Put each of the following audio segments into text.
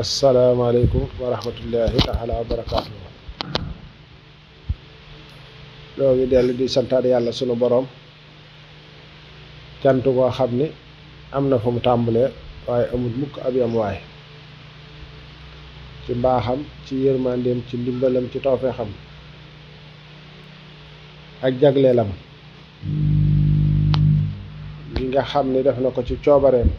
asalaamaaleykum wa rahmatullahi taala wa barakaatu loo ngi dellu di santaat yàlla sunu boroom cant koo xam ni am na fu mu tàmbalee waaye amul mukk ab yam waay ci mbaaxam ci yërmandeem ci ndimbalam ci tawfeexam ak jagleelam li nga xam ni def na ko ci coobareem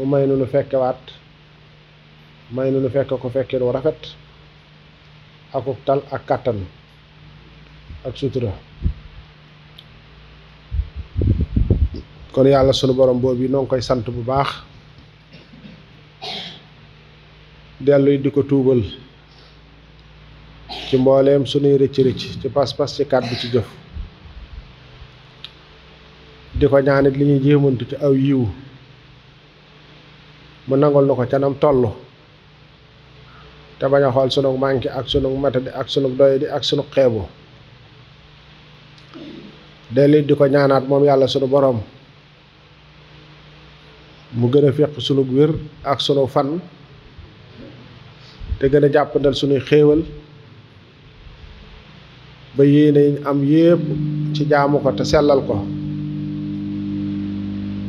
mu may nu nu fekkewaat may nu nu fekk ku fekkee nu rafet akuk tal ak kàttan ak sutura kon yàlla sunu borom boobu noo ngi koy sant bu baax dellu di ko tuubal ci mbooleem sunuy rëcc rëcc ci pas-pas ci kàddu ci jëf di ko ñaanit li ñuy jéemantu ci aw yiw mu nangul nu ko canam toll te bañ a xool sunu manqué ak sunu matadi ak sunu doyadi ak sunu xeebu dellit di ko ñaanaat moom yàlla sunu boroom mu gën a fekk sunu wér ak sunu fan te gën a jàppandal sunuy xéewal ba yéene am yépp ci jaamu ko te sellal ko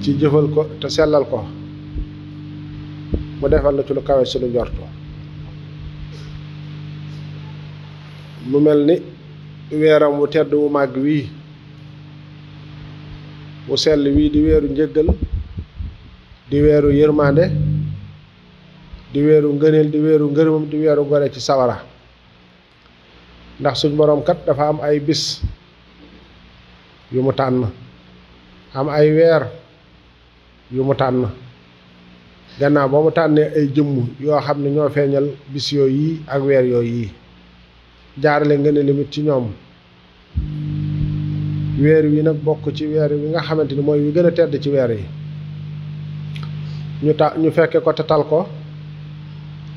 ci jëfal ko te sellal ko mu defal la ci lu kawe suñu njorto mu mel ni weeram wu tedd wu màgg wii wu sell wii di weeru njëggal di weeru yërmande di weeru ngëneel di weeru ngërëmam di weeru gore ci sawara ndax suñ boroom kat dafa am ay bis yu mu tànn am ay weer yu mu tànn gannaaw ba mu tànnee ay jëmm yoo xam ne ñoo feeñal bis yooyu yi ak weer yooyu yi jaarale nga ne limit ci ñoom weer wi nag bokk ci weer wi nga xamante ni mooy wi gën a tedd ci weer yi ñu ta ñu fekke ko tetal ko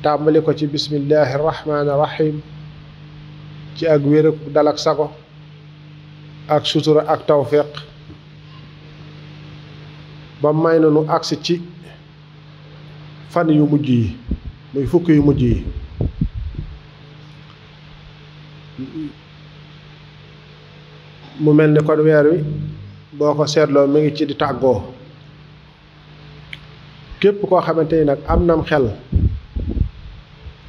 tàmbali ko ci bismillahi rahmaani rahim ci ak wér ak dal ak sago ak sutura ak tawféq ba may na nu agsi ci fan yu mujj yi muy fukk yu mujj yi mu mel ni kon weer wi boo ko seetloo mi ngi ci di tàggoo képp koo xamante ni nag am na am xel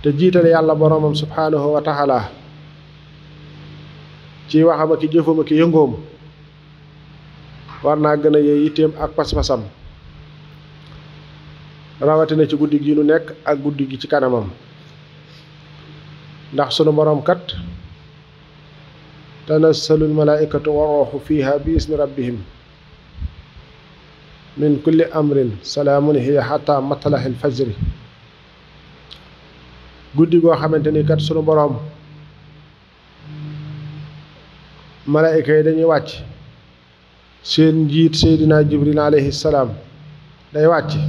te jiital yàlla boroomam subhaanahu wa ci waxam ak ki jëfam ak ki yëngoom war naa gën a yee yitteem ak pas-pasam rawatina ci guddi gi nu nekk ak guddi gi ci kanamam ndax sunu boroom kat tanassalul malaaikatu wa fiiha bi ismi rabbihim min kulli amrin salaamun hiya xataa matlaxil fajri guddi goo xamante ni kat sunu boroom malaayika yi dañuy wàcc seen njiit seydina jibril alayhi salaam day wàcc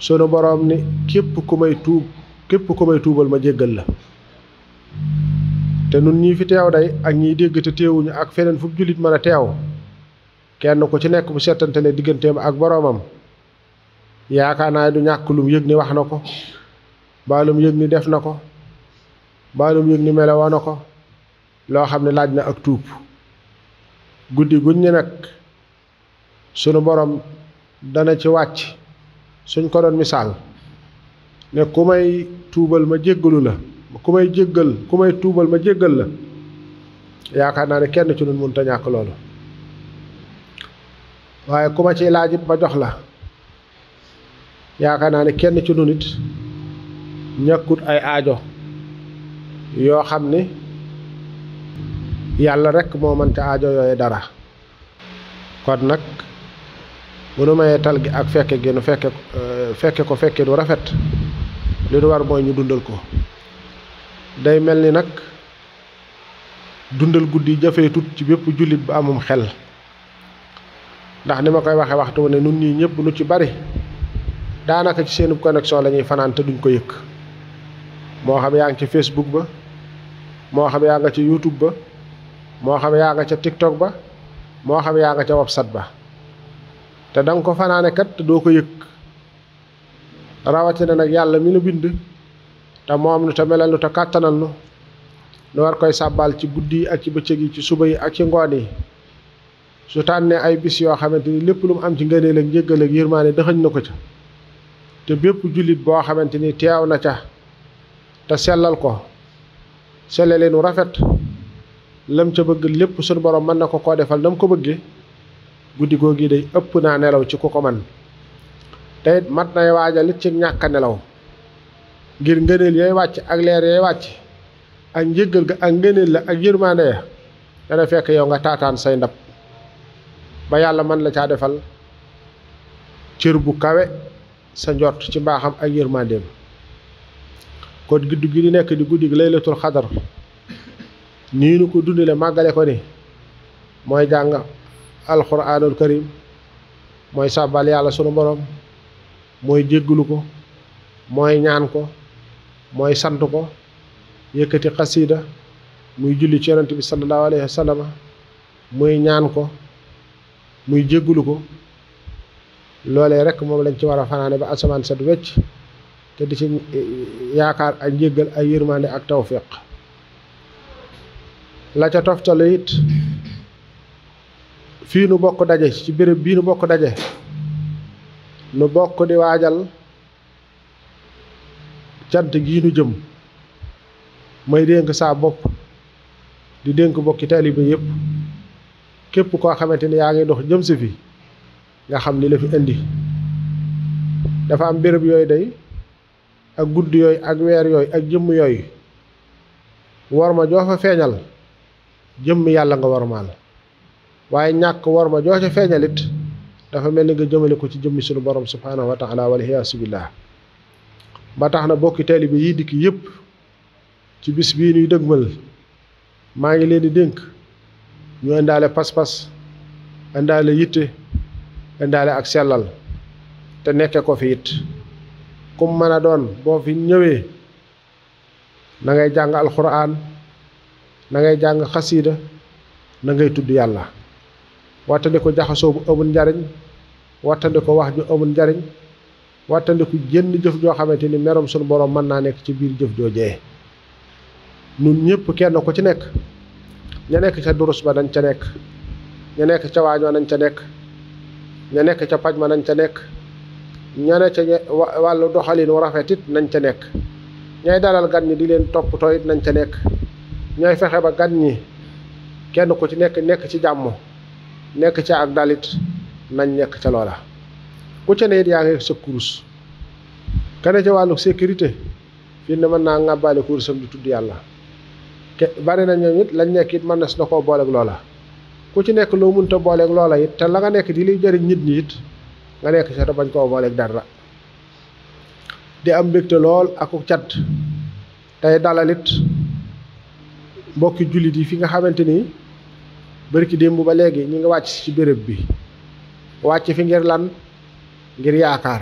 sunu boroom ni képp ku may tuub képp ku may tuubal ma jéggal la te nun ñii fi teew day ak ñiy dégg te teewuñu ak feneen fu jullit mën a teew kenn ku ci nekk bu settante ne digganteem ak boroomam yaakaar naa du ñàkk lum yëg ni wax na ko baalum yëg ni def na ko baalum yëg ni melewoo na ko loo xam ne laaj na ak tuub guddi guñ ñi nag sunu boroom dana ci wàcc suñ ko doon misaal ne ku may tuubal ma jéggalu la ku may jéggal ku may tuubal ma jéggal la yaakaar naa ne kenn ci nun mënta ñàkk loolu waaye ku ma ci laaj it ma jox la yaakaar naa ne kenn ci nun it ñàkkut ay aajo yoo xam ni yàlla rekk moo mën ca aajo yooyu dara kon nag bu nu mayee tal gi ak fekke gi nu euh, fekke ko fekke du rafet li nu war mooy ñu dundal ko day mel ni nag dundal guddi jafee tut ci bépp jullit bu amum xel ndax ni ma koy waxee waxtu ne nun ñii ñëpp nu ci bari daanaka ci seen connexion lañuy ñuy fanaan te duñ ko yëkk moo xam yaa ngi ci Facebook ba moo xam yaa nga ci YouTube ba moo xam yaa nga ca TikTok ba moo xam yaa nga ca WhatsApp ba te da ko fanaane kat te doo ko yëg rawatina nag yàlla mi nu bind te moom nu te melal nu te kàttanal nu nu war koy sàbbaal ci guddi yi ak ci bëccëg yi ci suba yi ak ci ngoon yi su tànnee ay bis yoo xamante ni lépp lu mu am ci ngëneel ak njëggal ak yërmaane dëxëñ na ko ca te bépp jullit boo xamante ni teew na ca te sellal ko sellaleenu rafet lam ca bëgg lépp sunu borom mën na ko koo defal nam ko bëggee guddi googu day ëpp naa nelaw ci ku ko man te mat nay waajal ci ñàkk nelaw ngir ngëneel yay wàcc ak leer yay wàcc ak njëggal ga ak ngëneel la ak yërmaande ya dana fekk yow nga taataan say ndab ba yàlla man la caa defal cër bu kawe sa njort ci mbaaxam ak yërmandeem kon guddi gi di nekk di guddi gi laylatul xadar nii nu ko dundale màggale ko ni mooy jàng alxuraanul karim mooy sàbbal yàlla sunu borom mooy jégglu ko mooy ñaan ko mooy sant ko yëkkati xasiida muy julli ci bi sallallahu alayhi wa sallam muy ñaan ko muy jégglu ko loolee rekk moom lañ ci war a fanaane ba asamaan set wecc te di ci yaakaar ak njéggal ay yërmande ak tawfiq la ca toftalu it Fi nu bokk daje ci béréb bi nu bokk daje nu bokk di waajal cant gi nu jëm may dénk saa bopp di dénk bokki taalibe yépp képp koo xamante ni yaa ngi dox jëm si fi nga xam ni la fi indi dafa am béréb yooyu day ak gudd yooyu ak weer yooyu ak jëmm yooyu war ma joo fa feeñal nga warmaal waye ñak war ma joo ca dafa melni nga jëmele ko ci jëmmi sunu borom subhanahu wa taala wal hiyas billah ba taxna bokki talib yi dik yépp ci bis bi ñuy deggmal ma ngi leen di denk ñu andale pas pass andale yitte andale ak selal te nekké ko fi it kum mëna doon bo fi ñëwé na ngay jang alquran na ngay jang khasida na ngay tuddu yalla wattandiku jaxasoo bu amul njariñ wattandiku wax ju amul njariñ wattandiku jënn jëf joo xamante ni meroom sunu borom mën naa nekk ci biir jëf jee nun ñëpp kenn ku ci nekk ña nekk ca durus ba dañ ca nekk ña nekk ca waañ nañ ca nekk ña nekk ca paj ma nañ ca nekk ña ne ca wàllu doxalin wu rafet it nañ ca nekk ñay dalal gan ñi di leen toppatoo it nañ ca nekk ñooy fexe ba gan ñi kenn ku ci nekk nekk ci jàmm nek ci ak dalit nañ nek ci lola ku ci neet it yaa ngi sa kurus kene ca wàllu sécurité fi ne mën naa ngàbbaale kurusam du tuddi yalla ke bari na ñoom nit lañ nekk it mën na su na koo booleeg loola ku ci mën ta bolé ak lola it té la nga nek di liy jëri nit nit nga nek ci ta bañ bolé ak dara di am mbégte lool ak tay dalalit mbokk julit yi fi nga xamanteni barki dembu ba legi ñi nga wacc ci bërepp bi wacc fi ngir lan ngir yaakar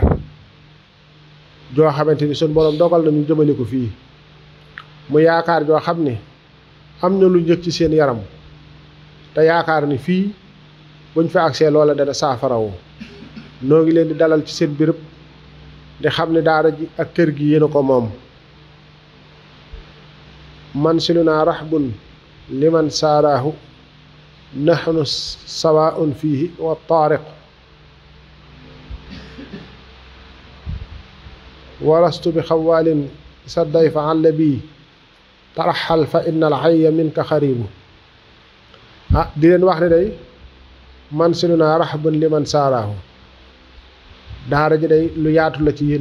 jo xamanteni sun borom dogal ñu jëmele ko fi mu yaakar jo xamni amna lu ñëk ci seen yaram ta yaakar ni fi buñ fa accès loola dana saafarawo no ngi leen di dalal ci seen birëb di xam daara ji ak kër gi ko mom man siluna rahbun liman sarahu نحن سواء فيه والطارق ولست بخوال سديف عن لبي ترحل فإن العي منك خريب دين واحد دي من سننا رحب لمن ساره دارج دي لو ياتو لا تي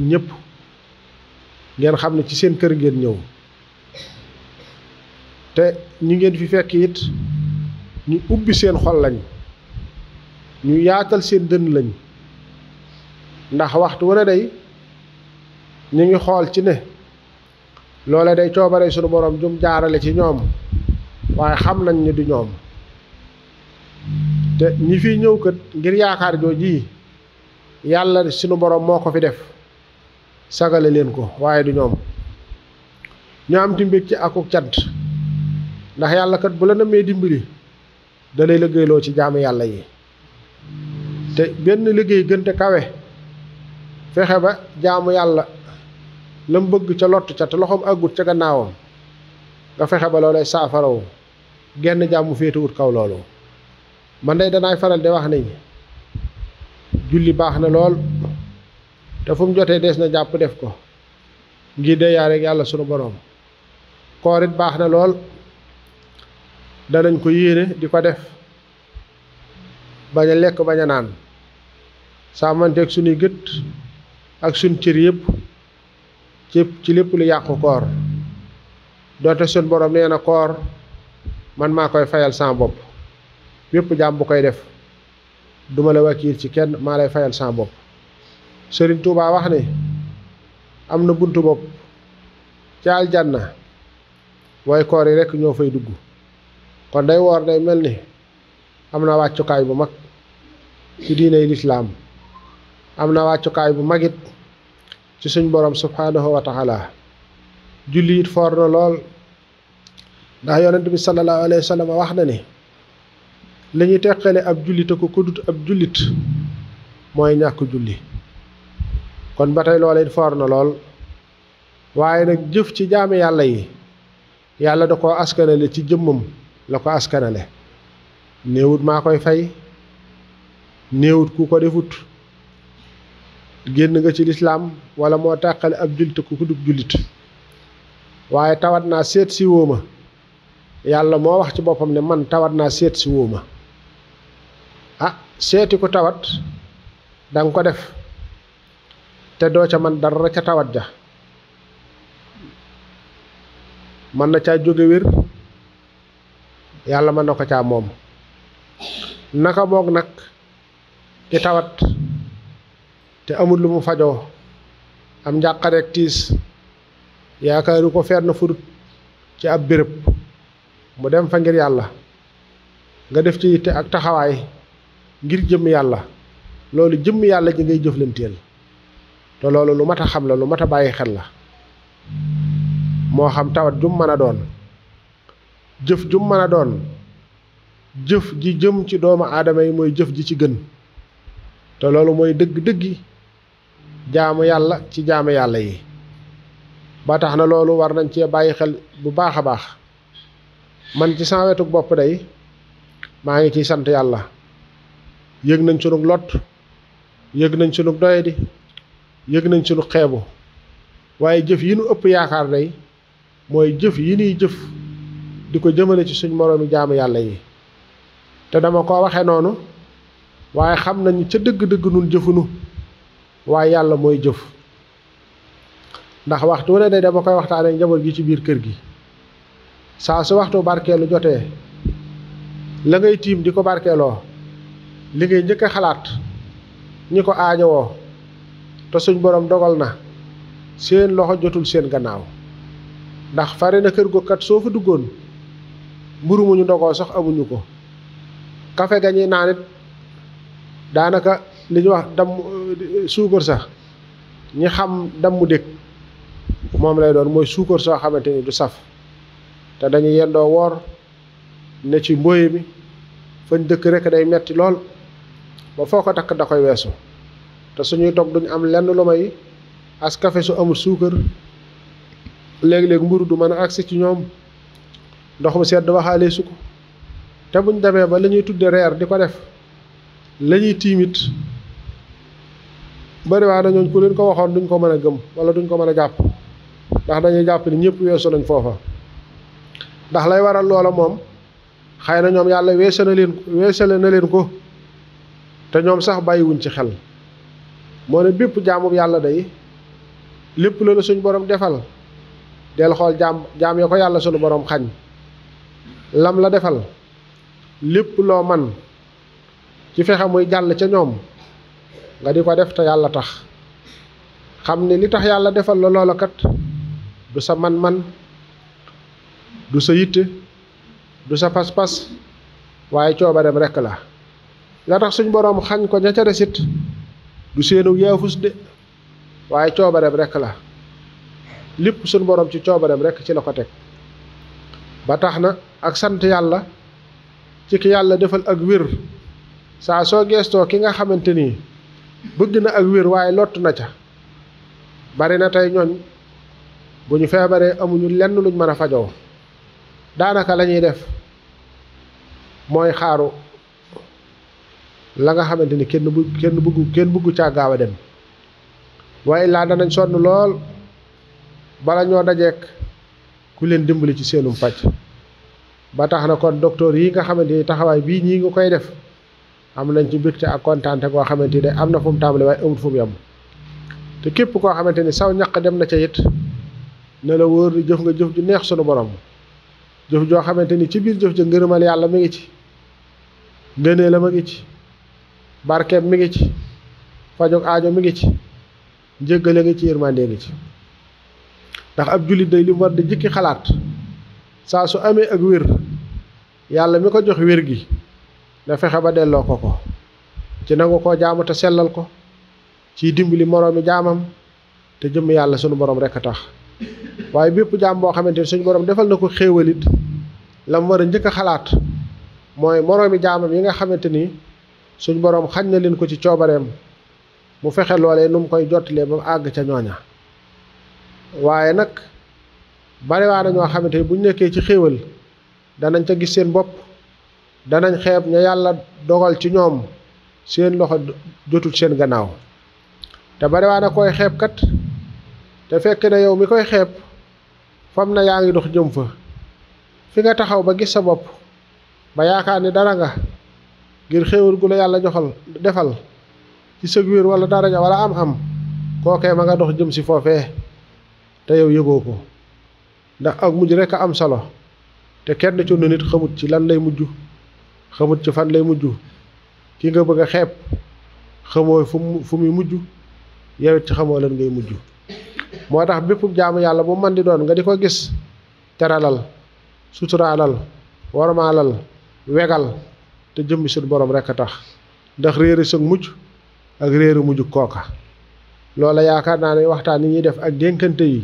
ني ген في فيك ñu ubbi seen xol lañ ñu yaatal seen dënn lañ ndax waxtu wu day ñu ngi xool ci ne loole day coobare sunu borom jum jaarale ci ñoom waaye xam nañ ni du ñoom te ñi fi ñëw kat ngir yaakaar jooju yi yàlla sunu borom moo ko fi def sagale leen ko waaye du ñoom ñu am ci mbég ci akuk cant ndax yàlla kat bu la namee dimbali da liggéeyloo ci jaamu yàlla yi te benn liggéey gënte kawe fexe ba jaamu yàlla la mu ca lott ca te loxoom àggut ca gannaawam nga fexe ba loolay saafarawu genn jàmm féetewut kaw loolu man day danaay faral di wax ni julli baax na lool te fu jotee des na jàpp def ko ngir de yaa yàlla sunu boroom koor it baax na lool danañ ko yéene di ko def bañ lekk bañ a naan saa saamanteeg suñuy gët ak suñ cër yëpp ci ci lépp lu yàqu koor doote suñ boroom nee na koor man maa koy fayal sans bopp bépp jaam bu koy def duma la wakiil ci kenn maa lay fayal sans bopp Sëriñ Tuubaa wax ni am na buntu bopp ci na waaye koor yi rekk ñoo fay dugg kon day woor day mel ni am na wàccukaay bu mag ci diiney lislaam am na wàccukaay bu magit ci suñ boroom subhaanahu wa taala julli it foor na lool ndax yonent bi sallallahu alayhi wa sallam wax na ni li ñu teqale ab jullit ko kudut ab jullit mooy ñàkk julli kon ba tey loola it foor na lool waaye nag jëf ci jaami yàlla yi yàlla da koo askanale ci jëmmam la ko askanale néewut maa koy fay néewut ku ko defut génn nga ci lislaam wala moo tàqale ab jullit ku ko dub jullit waaye tawat naa seet si wóoma yàlla moo wax ci boppam ne man tawat naa seet si wóoma a ah, seeti ku tawat danga ko def te doo ca man dara ca tawat ja mën na caa jóge wér yàlla mën na ko caa moom naka boog nag di tawat te amul lu mu fajoo am njàqareeg tiis yaakaaru ko fenn furut ci ab béréb mu dem fa ngir yàlla nga def ci yitte ak taxawaay ngir jëmm yàlla loolu jëmm yàlla ji ngay jëflanteel te loolu lu mat a xam la lu mat a bàyyi xel la moo xam tawat jum mën a doon jëf jum man a doon jëf ji jëm ci doomu aadama yi mooy jëf ji ci gën te loolu mooy dëgg-dëggi jaamu yàlla ci jaamu yàlla yi ba tax na loolu war nañ cee bàyyi xel bu baax a baax man ci sama wetu bopp day maa ngi ciy sant yàlla yëg nañ sunu lot yëg nañ sunu doyadi yëg nañ sunu xeebu waaye jëf yi nu ëpp yaakaar day mooy jëf yi nuy jëf di ko jëmale ci suñ moroomi jaamu yàlla yi te dama ko waxe noonu waaye xam nañu ca dëgg-dëgg nun jëfunu waaye yàlla mooy jëf ndax waxtu wu ne day dama koy waxtaanee njaboot gi ci biir kër gi saa su waxtu barkeelu jotee la ngay tiim di ko barkeeloo li ngay njëkk xalaat ñi ko aajowoo te suñ boroom dogal na seen loxo jotul seen gannaaw ndax fare na kër googu kat soo fa duggoon mburu mu ñu dogoo sax amuñu ko kafe ga ñuy naan daanaka li ñuy wax damm eh, suukar sax ñi xam dammu dëkk moom lay doon mooy suukar soo xamante ni du saf te dañu yendoo woor ne ci mbóoye mi fañ dëkk rek day metti lool ba foo ko takk da koy weesu te suñuy toog duñ am lenn lu yi as kafe su amul suukar léegi léeg mburu du mën a agsi ci ñoom ndox mu sedd waxaale su ko te buñ demee ba la ñuy tudde reer di ko def lañuy ñuy tiimit bëriwaa na ñooñ ku leen ko waxoon duñ ko mën a gëm wala duñ ko mën a jàpp ndax dañuy jàpp ni ñëpp weesu nañ foofa ndax lay waral loola moom xëy na ñoom yàlla weese na leen weesale na leen ko te ñoom sax bàyyiwuñ ci xel moo ne bépp jaamub yàlla day lépp la la suñ borom defal del xool jaam jaam ya ko yàlla sunu borom xañ lam la defal lépp loo man ci fexe muy jàll ca ñoom nga di ko def te yàlla tax xam ne li tax yàlla defal la loola kat du sa man-man du sa yitte du sa pas-pas waaye coobareem rekk la la tax suñ boroom xañ ko ña ca desit du seenu yaafus de waaye coobareem rekk la lépp suñ boroom ci coobareem rekk ci la ko teg ba tax na ak sant yàlla ci ki yàlla defal ak wér saa soo geestoo ki nga xamante ni bëgg na ak wér waaye lott na ca bari na tey ñooñ bu ñu feebaree amuñu lenn luñ mën a fajoo daanaka lañuy def mooy xaaru la nga xamante ni kenn bu kenn bëggu kenn gaaw a dem waaye laa danañ sonn lool bala ñoo dajeek ku leen dimbali ci seenum pàcc ba tax na kon docteur yi nga xamante ni taxawaay bii ñii nga koy def am nañ ci ci ak kontaante koo xamante ne am na fu mu tàmbali waaye amut fu mu te képp koo xamante ni saw ñaq dem na ca it ne la wóor jëf nga jëf ju neex sunu borom jëf joo xamante ni ci biir jëf ja ngërëmal yàlla mi ngi ci ngënee la ngi ci barkeem mi ngi ci fajog aajo mi ngi ci njëggale ngi ci yërmande ngi ci ndax ab jullit day limu mu war di jikki xalaat saa su amee ak wér yàlla mi ko jox wér gi na fexe ba delloo ko ko ci nangu ko jaamu te sellal ko ciy dimbali moroomi jaamam te jëmm yàlla sunu borom rek a tax waaye bépp jaam boo xamante ni suñu boroom defal na ko xéewalit la mu war njëkk a xalaat mooy moroomi jaamam yi nga xamante ni suñu borom xañ na leen ko ci coobareem mu fexe loole nu mu koy jottalee ba mu àgg ca ñooña waaye nag bari waa na ñoo xamante ni buñ nekkee ci xéewal danañ ca gis seen bopp danañ xeeb ña yàlla dogal ci ñoom seen loxo jotul seen gannaaw te bari waa koy xeeb kat te fekk na yow mi koy xeeb fam na yaa ngi dox jëm fa fi nga taxaw ba gis sa bopp ba yaakaar ni dara nga ngir xéewal gu la yàlla joxal defal ci sa wiir wala daraja wala am-am kookee ma nga dox jëm si foofee te yow yëgoo ko ndax ak mujj rekk a am solo te kenn ci nu nit xamut ci lan lay mujj xamut ci fan lay mujj ki nga bëgg a xeeb fu mu fu muy mujj yow ci xamoo lan ngay mujj motax tax jaamu yalla bu man di doon nga diko gis teralal suturalal warmaalal wegal te jëmmi suñ borom rek tax ndax réeri sag mujj ak réeri mujj koka loola yaakaar naa ne waxtaan ni ñuy def ak dénkante yi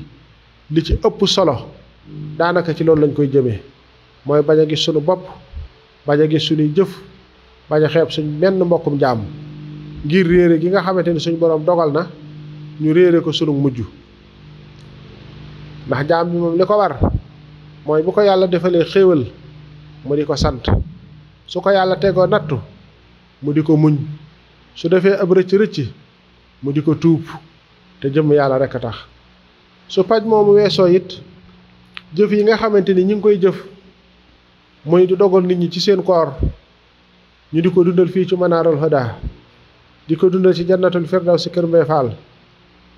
li ci ëpp solo daanaka ci loolu lañ koy jëmee mooy bañ a gis sunu bopp bañ a gis sunuy jëf bañ a xeeb suñ benn mbokkum jàmm ngir réere gi nga xamante ni suñ boroom dogal na ñu réere ko sunu mujj ndax jaam bi moom li ko war mooy bu ko yàlla defalee xéewal mu di ko sant su ko yàlla tegoo nattu mu di ko muñ su defee ab rëcc rëcc mu di ko tuub te jëmm yàlla rek a tax su paj moomu weesoo it jëf yi nga xamante ni ñu ngi koy jëf mooy di dogal nit ñi ci seen koor ñu di ko dundal fii ci Manaarul Huda di ko dundal ci jannatul firdaws si Kër Mbay Fall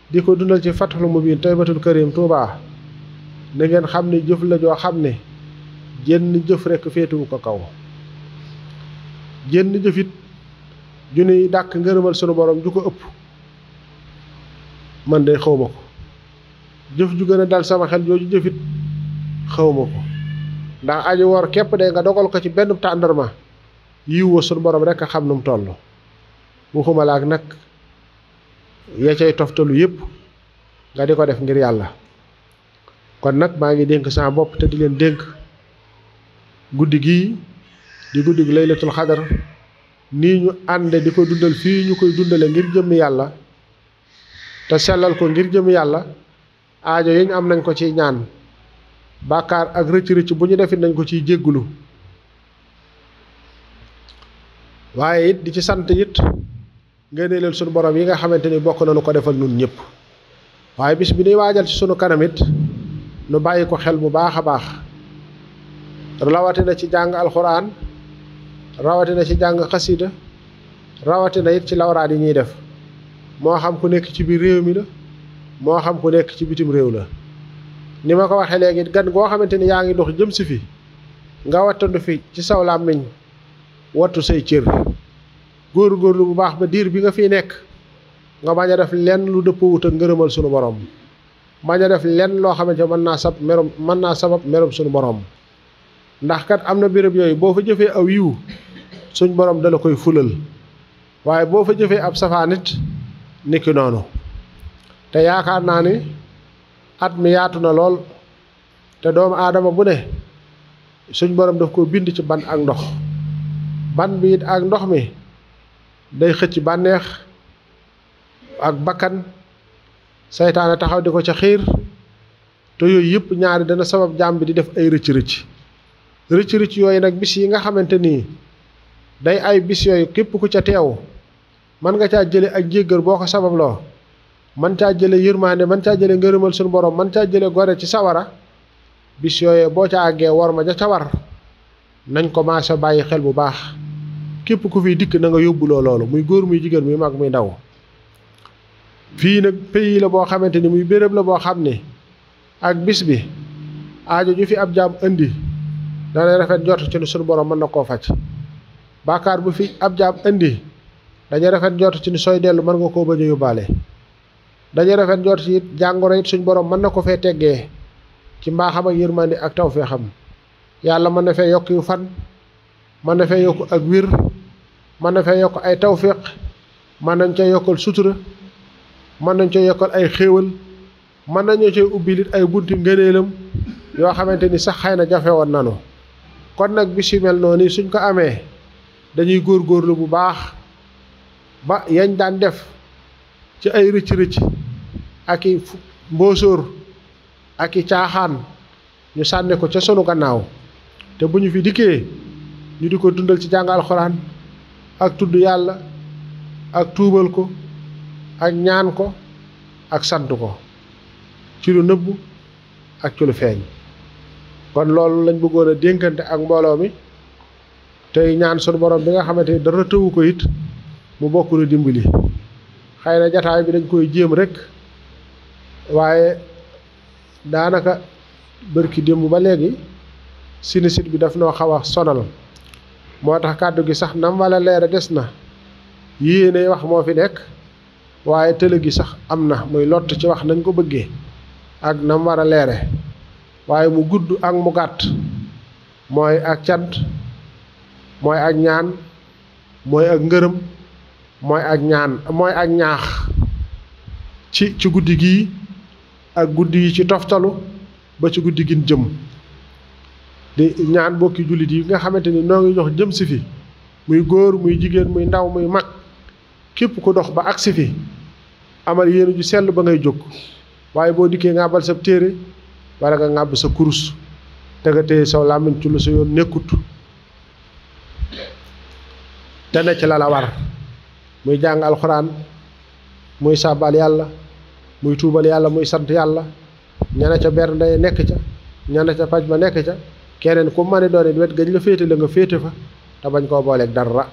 di ko dundal ci Fathul Mubin Taybatul Karim Touba na ngeen xam ne jëf la joo xam ne jenn jëf rekk féetuwu ko kaw jenn jëfit ju nuy dàkk ngërëmal sunu borom ju ko ëpp man dey xawma ko jëf ju gën a dal sama xel jooju jëfit xawma ko ndax aji wor képp de nga dogal ko ci benn tàndarma yiw wa sun borom rek xam num toll waxuma laag nag ya cay toftalu yépp nga di ko def ngir yàlla kon nag maa ngi dénk sama bopp te di leen dénk guddi gii di guddi laylatul xadar ni ñu ànde di ko dundal fii ñu koy dundale ngir jëmmi yàlla te sellal ko ngir jëmmi yàlla aajo am nañ ko ci ñaan bàkkaar ak rëcc-rëcc bu ñu defit nañ ko ciy jéggulu waaye it di ci sant it ngëneelal sunu borom yi nga xamante ni bokk nañu ko defal nun ñëpp waaye bis bi nuy waajal ci sunu kanam it nu bàyyi ko xel bu baax a baax rawatina ci jàng alxuraan rawatina ci jàng xasida rawatina it ci lawraan yi ñuy def moo xam ku nekk ci biir réew mi la moo xam ku nekk ci bitim réew la ni ma ko waxee léegi gan goo xamante ni yaa ngi dox jëm si fi nga wattandu fi ci saw làmmiñ wattu say cër góorlu bu baax ba diir bi nga fiy nekk nga bañ a def lenn lu dëppoowut ngërëmal sunu borom bañ a def lenn loo xamante mën naa sab merom mën naa sabab merom sunu borom ndax kat am na béréb yooyu boo fa jëfee aw yiw suñ borom dala koy fulal waaye boo fa jëfee ab safaanit nit ki noonu te yaakaar naa ni at mi yaatu na lool te doomu aadama bu ne suñ borom daf ko bind ci ban ak ndox ban bi it ak ndox mi day xëcc bànneex ak bakkan seytaane taxaw di ko ca xiir te yooyu yëpp ñaari dana sabab jaam bi di def ay rëcc rëcc rëcc rëcc yooyu nag bis yi nga xamante nii day ay bis yooyu képp ku ca teew mën nga caa jële ak jéggal boo ko sababloo man caa jële yërmaande man caa jële ngërëmal sunu borom man caa jële gore ci sawara bis yooyee boo ca àggee war ma ja ca war nañ commencé bàyyi xel bu baax képp ku fi dikk na nga yóbbuloo loolu muy góor muy jigéen muy mag muy ndaw fii nag pays la boo xamante ni muy béréb la boo xam ni ak bis bi aajo ju fi ab jaam indi danay rafet njort ci ni sunu borom mën na koo faj baakaar bu fi ab jaam indi dañuy rafet njort ci ni sooy dellu mën nga koo bañ a yóbbaale dañuy rafet njort ci jàngoro it suñ borom mën na ko fee teggee ci mbaaxam ak yërmande ak taw fee yàlla mën na fee yokk yu fan mën na fee yokk ak wiir mën na fee yokk ay tawféex mën nañ ca yokkal sutura mën nañ ca yokkal ay xéewal mën nañu ca ubbi lit ay bunti ngëneelam yoo xamante ni sax xëy na jafe woon nanu kon nag bi yu mel noonu suñ ko amee dañuy góor góorlu bu baax ba yañ daan def ci ay rëcc rëcc ak i mbóosóor ak i caaxaan ñu sànne ko ca sunu gannaaw te bu ñu fi dikkee ñu di ko dundal ci jàng alxuraan ak tudd yàlla ak tuubal ko ak ñaan ko ak sant ko ci lu nëbb ak ci lu feeñ kon loolu lañ bëggoon a dénkante ak mbooloo mi tey ñaan sunu borom bi nga xamante ni dara tëwu ko it mu bokk lu dimbali xëy na jataay bi dañ koy jéem rekk waaye daanaka bërki démb ba léegi sinusite bi daf noo xaw a sonal moo tax kàddu gi sax nam wala leera des na yéene wax moo fi nekk waaye tële gi sax am na muy lott ci wax nañ ko bëggee ak nam war a leere waaye mu gudd ak mu gàtt mooy ak cant mooy ak ñaan mooy ak ngërëm mooy ak ñaan mooy ak ñaax ci ci guddi gii ak guddi yi ci toftalu ba ci guddi gin jëm di ñaan bokki jullit yi nga xamante ni noo ngi jox jëm si fi muy góor muy jigéen muy ndaw muy mag képp ku dox ba agsi fi amal yéen ju sell ba ngay jóg waaye boo dikkee ngàbbal sa téere wala nga ngàbb sa kurus te nga téye saw làmmiñ ci lu sa yoon nekkut te ne ci la la war muy jàng alxuraan muy sàbbal yàlla muy tuubal yàlla muy sant yàlla ñana ca bernde nekk ca ñana ca paj ba nekk ca keneen ku mën a doon it wet gañ la féete la nga féete fa te bañ koo booleek dara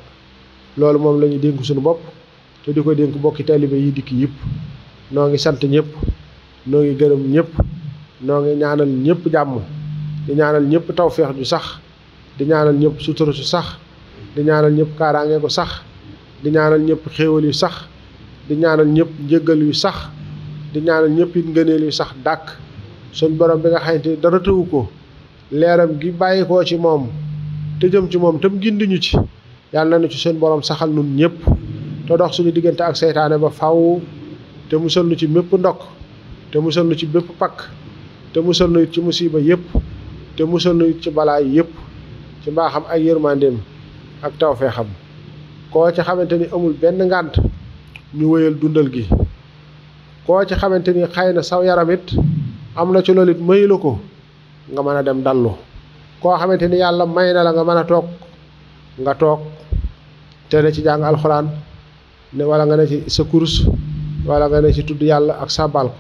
loolu moom la ñu dénk sunu bopp te di ko dénk bokki taalibe yi dikk yëpp noo ngi sant ñëpp noo ngi gërëm ñëpp noo ngi ñaanal ñëpp jàmm di ñaanal ñëpp tawféex ju sax di ñaanal ñëpp sutura su sax di ñaanal ñëpp kaaraange gu sax di ñaanal ñëpp xéewal yu sax di ñaanal ñëpp njëggal yu sax di ñaanal ñëpp it ngëneel yu sax dàkk suñ borom bi nga xamante ni dara tëwu ko leeram gi bàyyi koo ci moom te jëm ci moom tam gindiñu ci yàlla na ci seen borom saxal nun ñëpp te dox suñu diggante ak seytaane ba faw te musal nu ci mépp ndokk te musal nu ci bépp pakk te musal nu ci musiba yëpp te musal nu it ci balaay yëpp ci mbaaxam ay yërmandeem ak tawfeexam koo ci xamante ni amul benn ngànt ñu wéyal dundal gi koo ci xamante ni xëy na saw yaramit am na ci loolu it mayu la ko nga mën a dem dallu koo xamante ni yàlla may na la nga mën a toog nga toog te ne ci jàng alxuraan ne wala nga ne ci sa kurus walla nga ne ci tudd yàlla ak sàbbal ko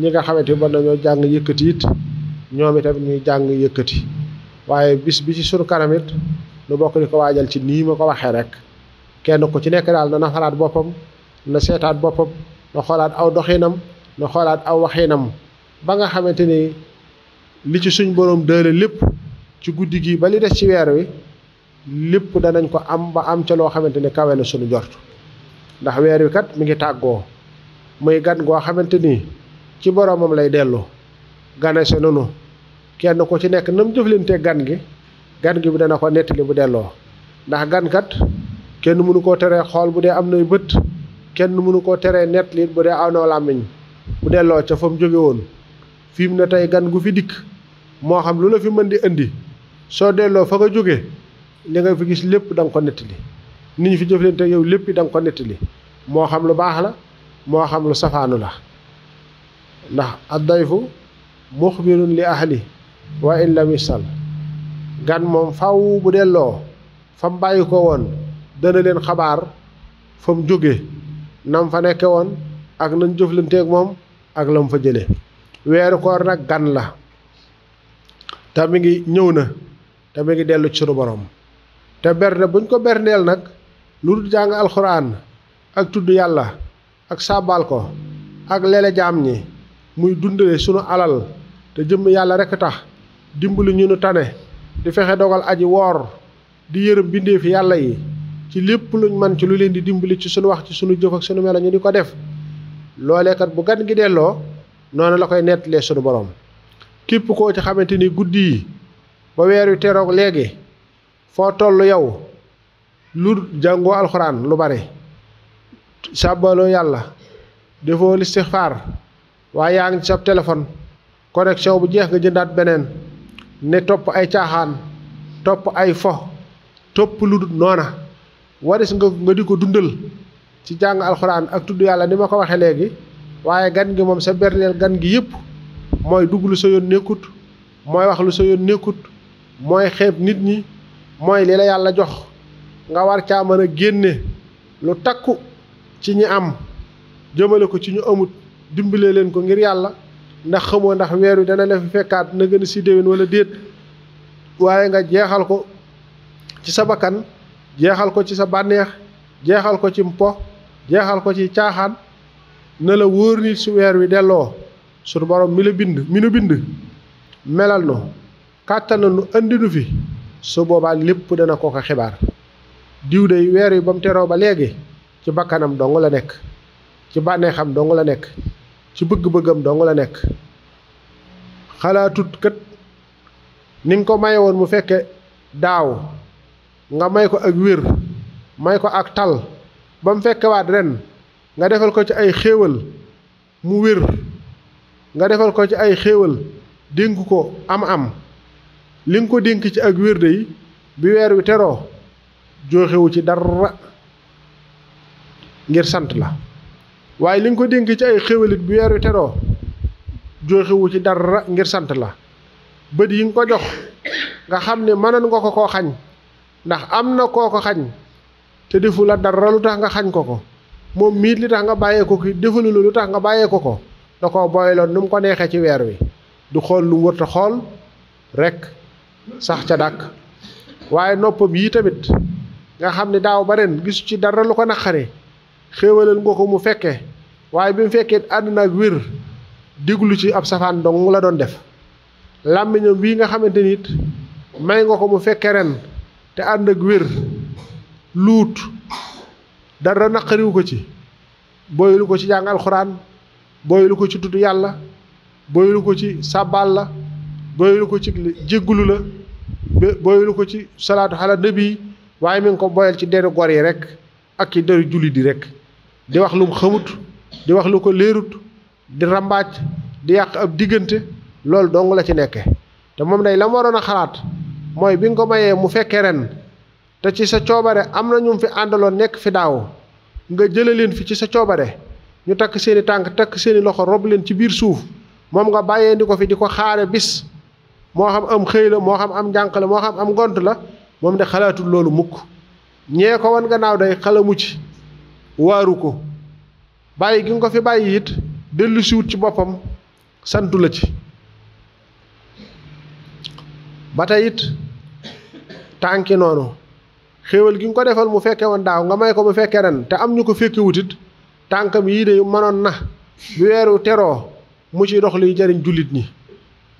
ñi nga xamante ni mën nañoo jàng yëkkati it ñoom ñuy jàng yëkkati waaye bis bi ci sunu kanamit it nu bokk di ko waajal ci nii ma ko waxee rek kenn ku ci nekk daal na nafaraat boppam na seetaat boppam na xoolaat aw doxinam na xoolaat aw waxinam ba nga xamante ni li ci suñ boroom dële lépp ci guddi gi ba li des ci weer wi lépp danañ ko am ba am ca loo xamante ni kawe na sunu jort ndax weer wi kat mi ngi tàggoo muy gan goo xamante ni ci boroomam lay dellu ganase nunu kenn ko ci nekk nam jëflante gan gi gan gi bi dana ko nettali bu delloo ndax gan kat kenn mënu koo teree xool bu dee am nay bët kenn mënu ko teree nett li bu dee aw na làmmiñ mu delloo ca fa mu jóge woon fi mu ne tey gan gu fi dikk moo xam lu la fi mën di indi soo delloo fa nga jóge li nga fi gis lépp da nga ko nettali ni ñu fi jëflante yow lépp da nga ko nettali moo xam lu baax la moo xam lu safaanu la ndax addayfu muxbirun li ahli wa in lam yusal gan moom faw bu delloo fa mu bàyyi ko woon dana leen xabaar fa jóge nam fa nekké won ak nañ jëflante ak mom ak lam fa jëlé wéru koor nak gan la ta mi ngi ñëw na ta mi ngi delu ci borom ta berne buñ ko bernel nak lu jang alquran ak tuddu yalla ak sabal ko ak lele jam ñi muy dundale sunu alal te jëm yalla rek tax dimbali ñu nu tané di fexé dogal aji wor di yërem bindé fi yalla yi ci lépp luñ man ci lu leen di dimbali ci suñu wax ci suñu jëf ak suñu melo ñu di ko def loolekat bu gan gi delloo noonu la koy nettalee sunu borom képp koo ci xamante ni guddi yi ba weer wi teroog léegi foo toll yow lu jàngoo alxuraan lu bari sàbbaloo yàlla defoo listixfaar waaye yaa ngi ci sab téléphone connexion bu jeex nga jëndaat beneen ne topp ay caaxaan topp ay fo topp lu dul noona waris nga nga di ko dundal ci jàng alxuraan ak tudd yàlla ni ma ko waxee léegi waaye gan gi moom sa berneel gan gi yëpp mooy dugg lu sa yoon nekkut mooy wax lu sa yoon nekkut mooy xeeb nit ñi mooy li la yàlla jox nga war caa mën a génne lu takku ci ñi am jëmale ko ci ñu amut dimbale leen ko ngir yàlla ndax xamoo ndax weer wi dana la fi fekkaat na gën a si déwén déet waaye nga jeexal ko ci sa bakkan jeexal ko ci sa bànneex jeexal ko ci mpo jeexal ko ci caaxaan ne la wóor ni su weer wi delloo sunu borom mi bind mi nu bind melal nu kàttan nu andi nu fi su boobaa lépp dana ko ko xibaar diw day weer wi ba mu teroo ba léegi ci bakkanam dong la nekk ci bànneexam dong la nekk ci bëgg-bëggam dong la nekk xalaatu kët ni ko maye woon mu fekke daaw nga may ko ak wér may ko ak tal ba mu fekkewaat ren nga defal ko ci ay xéewal mu wér nga defal ko ci ay xéewal dénk ko am-am li nga ko dénk ci ak wér de yi bi weer wi teroo jooxewu ci dara ngir sant la waaye li ko dénk ci ay xéewalit bi weer wi jooxewu ci dara ngir sant la bët yi nga ko jox nga xam ne mënoon nga ko koo xañ ndax am na koo ko xañ te defu la dara lu tax nga xañ ko ko moom mii li tax nga bàyyee ko ki defalu lu tax nga bàyyee ko ko da koo booyloon nu mu ko neexee ci weer wi du xool lu mu wërta xool rekk sax ca dàkk waaye noppam yii tamit nga xam ne daaw ba ren gisu ci dara lu ko naqari xéewalal nga ko mu fekke waaye bi mu fekkee àdduna ak wér diglu ci ab safaan dong la doon def làmmiñam bii nga xamante nit may nga ko mu fekke ren te ànd ak wér luut dara naqariwu ko ci booyulu ko ci jàng alxuraan booyulu ko ci tudd yàlla booyulu ko ci sàbbaal la booyulu ko ci jéggulu la booyulu ko ci salaatu xala nabi waaye mi ngi ko boyal ci deru gor yi rek ak ci deru julli di rek di wax lu mu xamut di wax lu ko léerut di rambaaj di yàq ab diggante loolu dong la ci nekke te moom day la mu waroon a xalaat mooy bi nga ko mayee mu fekkee ren te ci sa coobare am na ñu fi àndaloon nekk fi daaw nga jëlee leen fi ci sa coobare ñu takk seeni tànk takk seeni loxo rob leen ci biir suuf moom nga bàyyee ndi ko fi di ko xaare bis moo xam am xëy la moo xam am njànq la moo xam am ngont la moom de xalaatul loolu mukk ñee ko won gannaaw day xalamu ci waaru ko bàyyi gi ko fi bàyyi it dellu siwut ci boppam santu la ci ba it tànki noonu xéewal gi nga ko defal mu fekke woon daaw nga may ko mu fekkee ren te am ñu ko fekki wutit tànkam yii de manoon na bu weeru teroo mu ci dox luy jariñ jullit ñi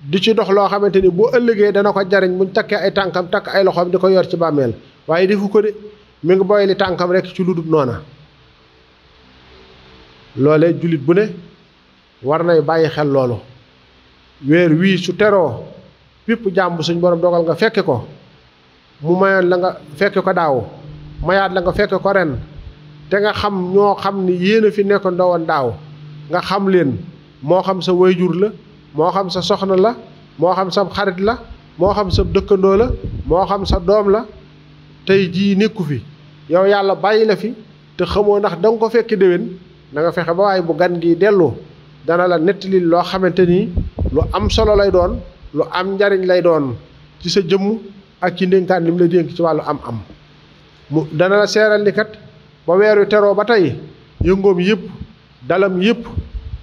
di ci dox loo xamante ni boo ëllëgee dana ko jariñ bu ñu takkee ay tànkam takk ay loxoom di ko yor ci bàmmeel waaye defu ko de mi ngi boyli tànkam rek ci ludub noona loole jullit bu ne war nay bàyyi xel loolu weer wii su teroo pipp jàmb suñ borom dogal nga fekke ko mu mayoon la nga fekk ko daaw mayaat la nga fekke ko ren te nga xam ñoo xam ni yéen a fi nekkoon doowoon daaw nga xam leen moo xam sa jur la moo xam sa soxna la moo xam sa xarit la moo xam sa dëkkandoo la moo xam sa doom la tey jii nekku fi yow yàlla bàyyi la fi te xamoo ndax da ko fekke déwén na nga fexe ba waaye bu gan gi dellu dana la nettali loo xamante ni lu am solo lay doon lu am njariñ lay doon ci sa jëmm ak ci ndénkaan li mu la dénk ci wàllu am-am mu dana la seeral ni kat ba weer teroo ba tey yëngoom yëpp dalam yëpp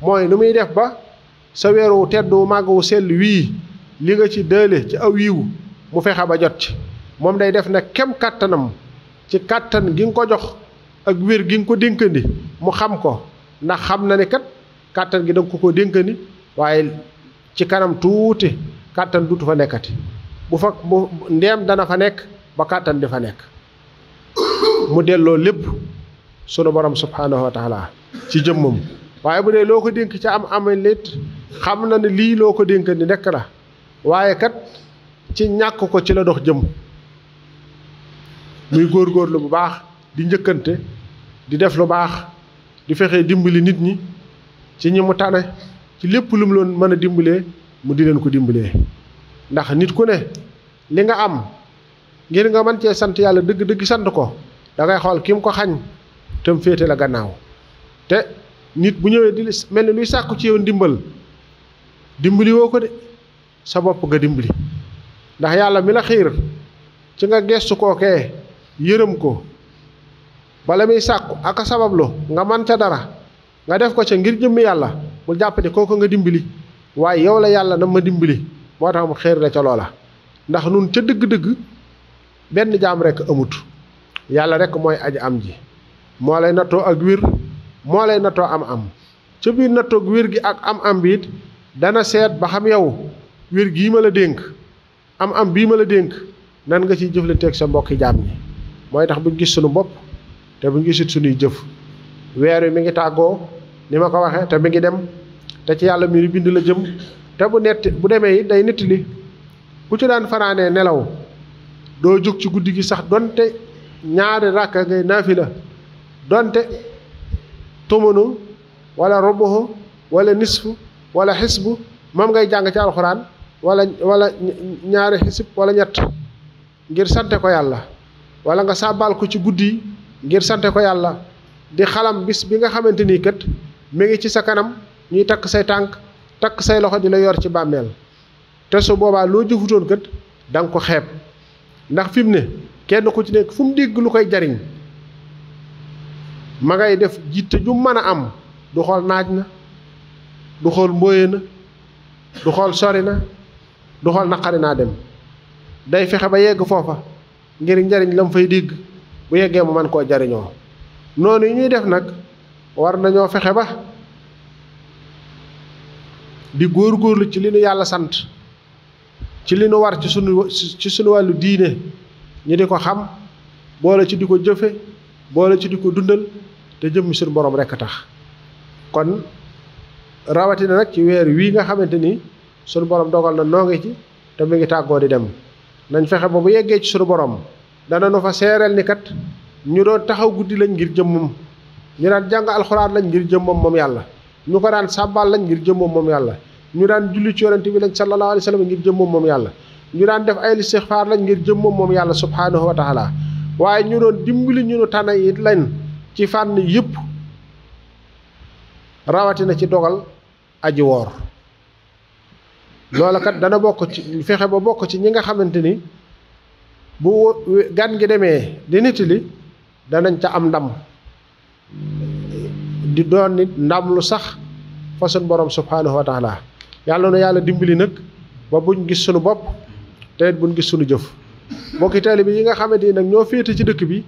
mooy lu muy def ba sa weer wu tedd wu màgg wu sell wii li nga ci dële ci aw yiw mu fexe ba jot ci moom day def nag kem kàttanam ci kàttan gi nga ko jox ak wér gi nga ko dénkandi mu xam ko ndax xam na ni kat kàttan gi danga ko ko dénkandi waaye ci kanam tuuti kàttan dutu fa nekkati bu fa bu ndeem dana fa nekk ba kàttan di fa nekk mu delloo lépp sunu borom subhaanahu wa ci jëmmam waaye bu dee loo ko dénk ca am amee amelit xam na ne lii loo ko dénk ni nekk la waaye kat ci ñàkk ko ci la dox jëm muy góor góorlu bu baax di njëkkante di def lu baax di fexee dimbali nit ñi ci ñi mu tane ci lépp lu mu loon mën a dimbalee mu di leen ko dimbalee ndax nit ku ne li nga am ngir nga mën cee sant yàlla dëgg dëgg sant ko da ngay xool ki mu ko xañ te féete la gannaaw te nit bu ñëwee di mel ni luy sàkku ci yow ndimbal dimbali woo ko de sa bopp nga dimbali ndax yàlla mi la xiir ci nga gestu kookee yërëm ko bala muy sàkku aka a sabablu nga mën ca dara nga def ko ca ngir jëmm yàlla bul jàpp ne kooku nga dimbali waaye yow la yàlla na ma dimbali moo tax mu xeer la ca loola ndax nun ca dëgg-dëgg benn jaam rek amut yàlla rek mooy aj am ji moo lay nattoo ak wér moo lay nattoo am-am ca biir nattoog wir gi ak am-am bi dana seet ba xam yow wir gii ma la dénk am-am bii ma la dénk nan nga ciy jëflanteeg sa mbokki jaam ñi mooy tax buñ gis suñu bopp te buñ gisit suñuy jëf weer wi mi ngi tàggoo ni ma ko waxee te mi ngi dem te ci yàlla mi bind la jëm. te bu nett bu demee it day nettali ku ci daan fanaanee nelaw doo jóg ci guddi gi sax doonte ñaari ràkk ngay naafila donte tumunu wala rubuhu walla nisfu wala xisbu moom ngay jàng ci alxuraan walla walla ñaari xisib wala ñett ngir sante ko yàlla wala nga sàbbaal ko ci guddi yi ngir sante ko yàlla di xalam bis bi nga xamante ni kat mi ngi ci sa kanam ñuy takk say tànk takk say loxo di la yor ci bàmmeel te su boobaa loo jëfutoon kët da nga ko xeeb ndax fi mu ne kenn ku ci nekk fu mu dégg lu koy jariñ ma ngay def jitte ju mën a am du xool naaj na du xool mbóoye na du xool sori na du xool naqari naa dem day fexe ba yegg foofa ngir njariñ la mu fay dégg bu yeggee mu mën koo jariñoo noonu yi ñuy def nag war nañoo fexe ba di góor góorgóorlu ci li nu yàlla sant ci li nu war ci sunu ci wàllu diine ñu di ko xam boole ci di ko jëfe boole ci di ko dundal te jëmm sunu borom rekk a tax kon rawatina nag ci weer wii nga xamante ni sunu borom dogal na noo ci te mu ngi tàggoo di dem nañ fexe ba bu yeggee ci sunu borom dana nu fa seereel ni kat ñu doon taxaw guddi lañ ngir jëmmam ñu daan jàng alxuraan lañ ngir jëmmam moom yàlla. ñu ko daan sàbbaal lañ ngir jëmmoom moom yàlla ñu daan julli ci yonente bi lañ sallallahu alayhi wasallam ngir jëmmoom moom yàlla ñu daan def ay istighfar lañ ngir jëmmoom moom yàlla subhanahu wa ta'ala waaye ñu doon dimbali ñu nu tane it lañ ci fànn yépp rawatina ci dogal aji woor loola kat dana bokk ci fexe ba bokk ci ñi nga xamante bu gan gi demee di nitali danañ ca am ndam di doon nit ndam lu sax fa sun borom subhanahu wa taala yalla na yalla dimbali nak ba buñ gis sunu bop te buñ gis sunu jëf bokki taalibe yi nga xamanteni nak ño fete ci dëkk bi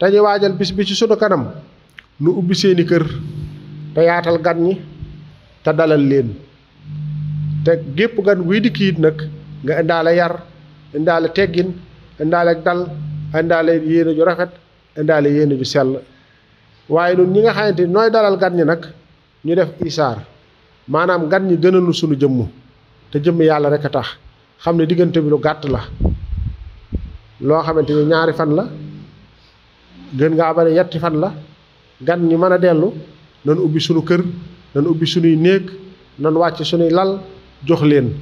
dañuy wajal bis bi ci sunu kanam nu ubbi seeni kër ta yaatal gan ñi ta dalal leen te gep gan wi di kiit nak nga indaale yar indaale teggin indaale dal indaale yéene ju rafet indaale yéene ju sel waaye ñun ñi nga xamante ni nooy dalal gan ñi nag ñu def isaar maanaam gan ñi gënalu sunu jëmm te jëmm yàlla rek a tax xam ne diggante bi lu gàtt la loo xamante ni ñaari fan la gën nga abale yetti fan la gan ñi mën a dellu nan ubbi sunu kër nan ubbi sunuy néeg nan wàcc sunuy lal jox leen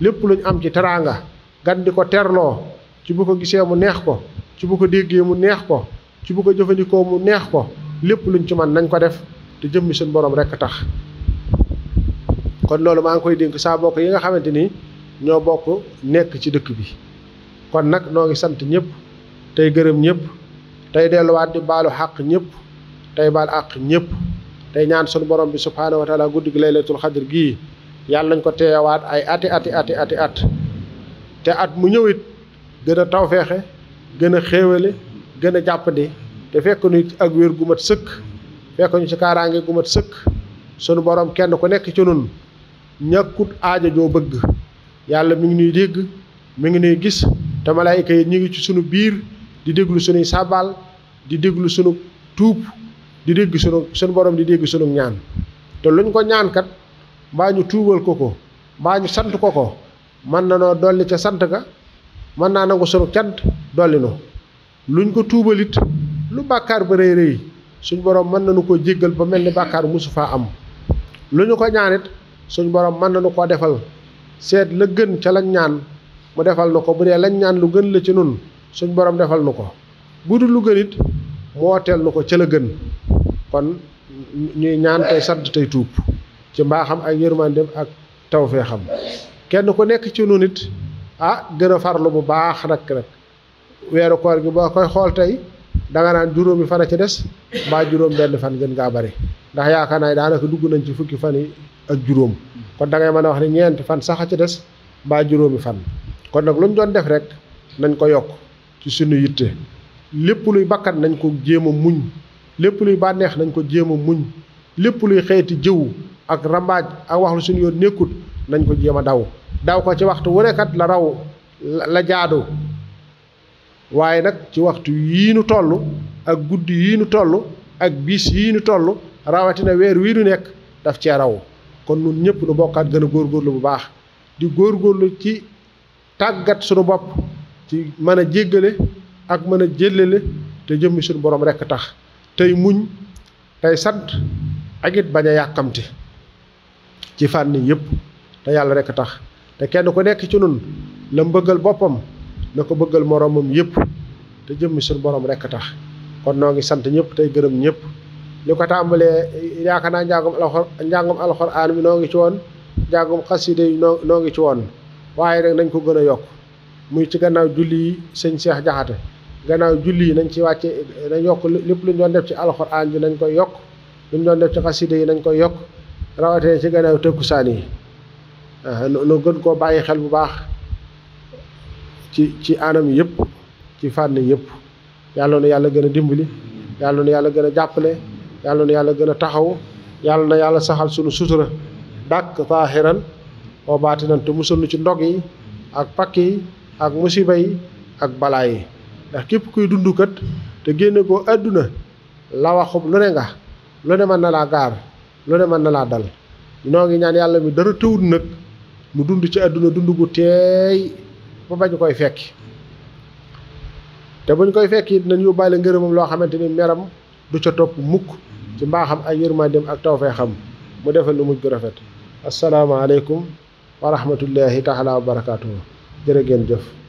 lépp luñ am ci teranga gan di ko terloo ci bu ko gisee mu neex ko ci bu ko déggee mu neex ko ci bu ko jëfandikoo mu neex ko lépp luñ ci man nañ ko def te jëmmi suñ borom rek tax kon loolu maa ngi koy dénk saa bokk yi nga xamante ni ñoo bokk nekk ci dëkk bi kon nag noo ngi sant ñëpp tey gërëm ñëpp tey delluwaat di baalu xàq ñëpp tey baal àq ñëpp tey ñaan suñu borom bi subhaanahu wa taala guddi gi laylatul xadr gii yàlla nañ ko teewaat ay ati ati ati ati at te at mu ñëwit gën a tawfeexe gën a xéewale gën a jàppandi te fekk nu ak wér gu mat sëkk fekk ñu ci kaaraange gu sëkk sunu borom kenn ku nekk ci nun ñàkkut aaja joo bëgg yàlla mi ngi nuy dégg mi ngi nuy gis te malaayika yi ñu ngi ci sunu biir di déglu sunuy saabal di déglu sunu tuub di dégg sunu sunu borom di dégg sunu ñaan te luñ ko ñaankat kat mbaa ñu tuubal ko ko mbaa ñu sant ko ko mën na noo dolli ca sant ga mën naa nangu sunu cant dolli no luñ ko tuubalit lu bàkkaar ba rëy rëy suñ borom mën nañu koo jéggal ba mel ni bàkkaar mosu faa am lu ñu ko ñaanit suñ borom mën nañu koo defal seet la gën ca lañ ñaan mu defal nu ko bu dee lañ ñaan lu gën la ci nun suñ borom defal nu ko bu dul it moo teel nu ko ca la gën kon ñuy ñaan tey sant tey tuub ci mbaaxam ak yërmandem ak tawfeexam kenn ku nekk ci nun it ah gën a farlu bu baax nag nag weeru koor gi boo koy xool tey danga naan juróomi fan a ca des mbaa juróom benn fan gën ngaa bari ndax yaakaar naa daanaka dugg nañ ci fukki fan yi ak juróom kon dangay mën a wax ne ñeenti fan sax a ca des mbaa juróomi fan kon nag lu ñu doon def rek nañ ko yokk ci suñu yitte lépp luy bakkat nañ ko jéem a muñ lépp luy bànneex nañ ko jéem a muñ lépp luy xeeti jëwu ak rambaaj ak wax lu suñu yoon nekkut nañ ko jéem a daw daw ko ci waxtu wu nekkat la raw la jaadu waaye nag ci waxtu yii nu toll ak guddi yii nu toll ak bis yii nu toll rawatina weer wii nu nekk daf cee raw kon nun ñëpp nu bokkaat gën góor góorlu bu baax di góor góorlu ci tàggat sunu bopp ci mën a jéggale ak mën a jéllale te jëmmi sunu borom rekk tax tey muñ tey sant ak bañ a yàkkamti ci fànn yëpp te yàlla rekk tax te kenn ku nekk ci nun la mbëggal boppam na ko bëggal moroomam yëpp te jëmm suñu borom rekk tax kon noo ngi sant ñëpp tey gërëm ñëpp li ko tàmbalee yaakaar naa njàngum alxor njàngum alxuraan bi noo ngi ci woon njàngum xasida yi noo noo ngi ci woon waaye nag nañ ko gën a yokk muy ci gannaaw julli yi sëñ Cheikh Jaxate gannaaw julli yi nañ ci wàcce nañ yokk lépp lu ñu doon def ci alxuraan bi nañ koy yokk lu ñu doon def ci xasida yi nañ koy yokk rawatina ci gannaaw tëkkusaan yi ah, nu gën koo bàyyi xel bu baax ci ci anam yëpp ci fànn yëpp yàlla na yàlla gën a dimbali yàlla na yàlla gën a jàppale yàlla na yàlla gën a taxaw yàlla na yàlla saxal sunu sutura dàkk taaxiran wa baatinan te musal nu ci ndog yi ak pakk yi ak musiba yi ak balaa yi ndax képp kuy kët te génne koo àdduna la waxub lu ne nga lu ne mën na laa gaar lu ne mën na laa dal noo ngi ñaan yàlla mi dara tëwut nag mu dund ci àdduna dund gu teey ba bañ koy fekki te buñ koy fekki it nañ yóbbaale ngërëmam loo xamante ni meram du ca topp mukk ci mbaaxam ay ak taw fay xam mu defal lu mujj gu rafet asalaamaaleykum wa rahmatullahi taala wa barakaatuhu jërë ngeen jëf